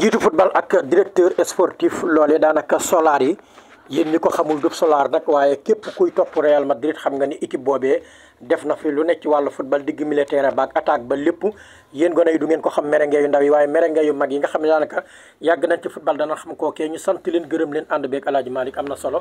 njiitu football ak directeur sportif loole daanaka solaar yi yéen ñi ko xamul dub solaar nag waaye képp kuy topp Real Madrid xam nga ni équipe boobee def na fi lu nekk wàll wàllu football digg militaire ba ak attaque ba lépp yéen gone yi du ngeen ko xam merengue yu ndaw yi waaye merengue yu mag yi nga xam ne daanaka yàgg nañ ci football dana xam kookee ñu sant leen gërëm leen ànd beeg Aladji Malick am na solo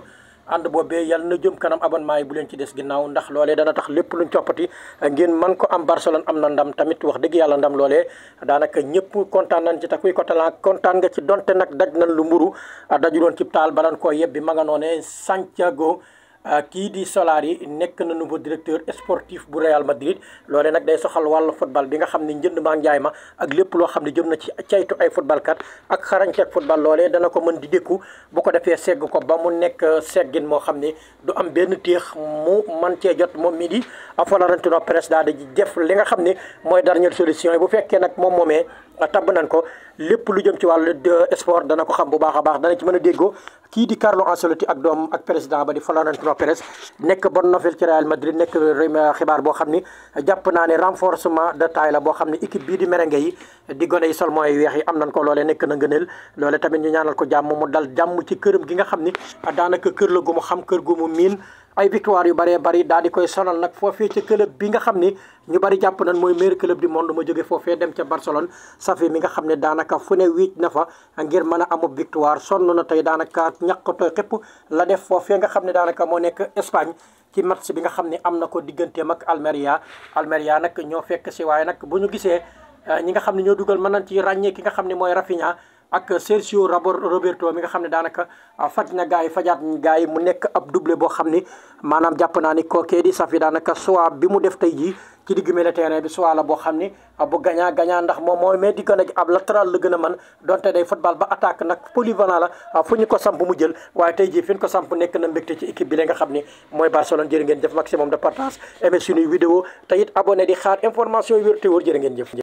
ànd boobee yàlla na jëm kanam abonnement yi bu leen ci des ginnaaw ndax loolee dana tax lépp luñ coppati ngeen man ko am Barcelone am na ndam tamit wax dëgg yàlla ndam loolee daanaka ñëpp kontaan nañ ci te kuy ko talaan kontaan nga ci donte nag daj nañ lu mburu daju doon ci taal balan koo yebbi manga nga noone Santiago Euh, kii di Solari nekk na nouveau directeur sportif bu Real Madrid loole nag day soxal wàllu football bi nga xam ne njënd maa njaay ma ak lépp loo xam ne jëm na ci caytu ay football kat ak xarañteeg football loolee dana ko mën di dékku bu ko defee segg ko ba mu nekk euh, seggin moo xam ne du am benn téex mu man cee jot moom mi di Florentino Pérez daal ji def li nga xam ne mooy dernière solution bu fekkee nag moom moomee a tabb nañ ko lépp lu jëm ci wàllu sport dana ko xam bu baax a baax dana ci mën a déggoo kii di Carlo ti ak doom ak président ba di Florentino Perez nekk bon nouvelle ci Real Madrid nekk xibaar boo xam ni jàpp naa ne renforcement de taille la boo xam ne équipe bii di merengue yi di gone yi sol mooy weex yi am nañ ko loolee nekk na ngëneel loole tamit ñu ñaanal ko jàmm mu dal jàmm ci këram gi nga xam ni daanaka kër la gu mu xam kër gu mu miin ay victoire yu bëree bëri daal di koy sonal nag foofee ci club bi nga xam ni ñu bëri jàpp nañ mooy meilleur club du monde ma joge foofee dem ca Barcelone Xavi mi nga xam ne daanaka fu ne wiic na fa ngir mën a amub victoire sonn na tey daanaka ñàkk tooy xëpp la def foofe nga xam ne daanaka moo nekk Espagne ci match bi nga xam ne am na ko digganteem ak Almeria Almeria nag ñoo fekk si waaye nag bu ñu gisee eh, ñi nga xam ne ñoo dugal mën nañ ci ràññee ki nga xam ne mooy Rafinha ak Sergio Roberto mi nga xam ne daanaka ah, faj na gars yi fajaat ñu gars yi mu nekk ab doublé boo xam ni maanaam jàpp naa ni kookee di safi daanaka soit bi mu def tey jii ci digg milieu terrain bi boo xam ni ah, bu gagnant gagnant ndax moom di a ab latéral la gën a mën day football ba attaque nag polyvalent la ah, fu ñu ko samp mu jël waaye tey fi ñu ko samp nekk na mbégte ci équipe nga xam ni mooy Barcelone ngeen de partage aimé suñuy vidéo te it abonné di xaar information yu wér te wóor jërë ngeen jëf